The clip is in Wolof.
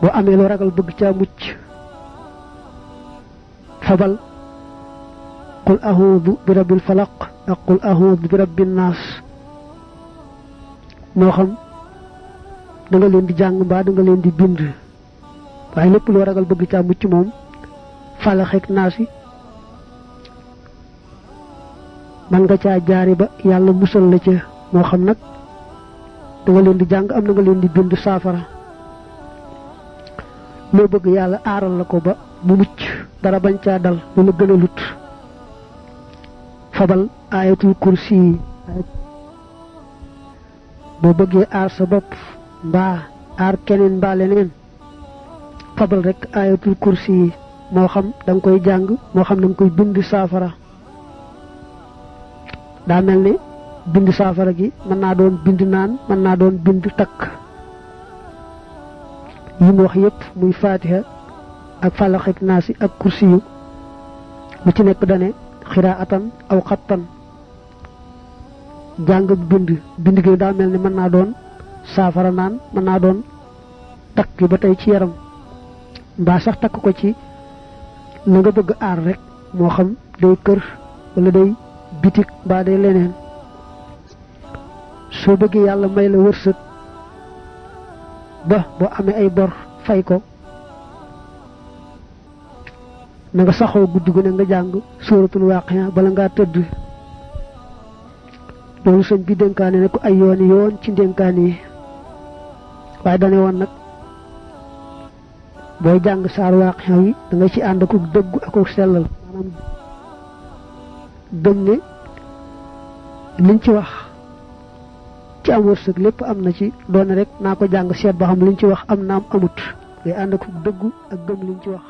bo amé lo ragal bëgg ca mucc fabal qul a'udhu bi rabbil falaq ak qul a'udhu bi rabbin nas no xam da nga leen di jang ba da nga leen di bind waye lepp lo ragal bëgg ca mucc mom ak nasi man nga ca jaari ba yalla musal la ca mo xam nak da nga leen di jang am na nga leen di bind safara mo bëgg yàlla aaral la ko ba mu mucc dara bañ caa dal lu la gën a lut fabal ayatul kursi bo boo bëggee aar sa bopp mbaa aar keneen mbaa leneen fabal rek ayatul kursi yi moo xam da nga koy jàng moo xam da nga koy bind saafara daa mel bind gi mën naa doon bind naan mën naa doon bind takk yi mu wax yépp muy faatiha ak fàllaxeek naasi ak kursiyu lu ci nekk dane xiraatan aw xattan jàng ak bind bind gi daa mel ni mën naa doon saafara naan mën naa doon takk ba tey ci yaram mbaa sax takk ko ci la nga bëgg aar rek moo xam day kër wala day bitik mbaa day leneen soo bëggee yàlla may la wërsëg ba bo amé ay bor fay ko na nga saxo guddu gu nga jang suratul waqiya bala nga teud lolu señ bi denkaane nak ay yoon yoon ci denkaane yi dañé won nak boy jang sar saar da nga ci and ko ak ko selal ci wax ci am wërsëg lépp am na ci doone rek naa ko jàng seet ba xam liñ ci wax am naam amut ngay ànd ak dëggu ak gëm liñ ci wax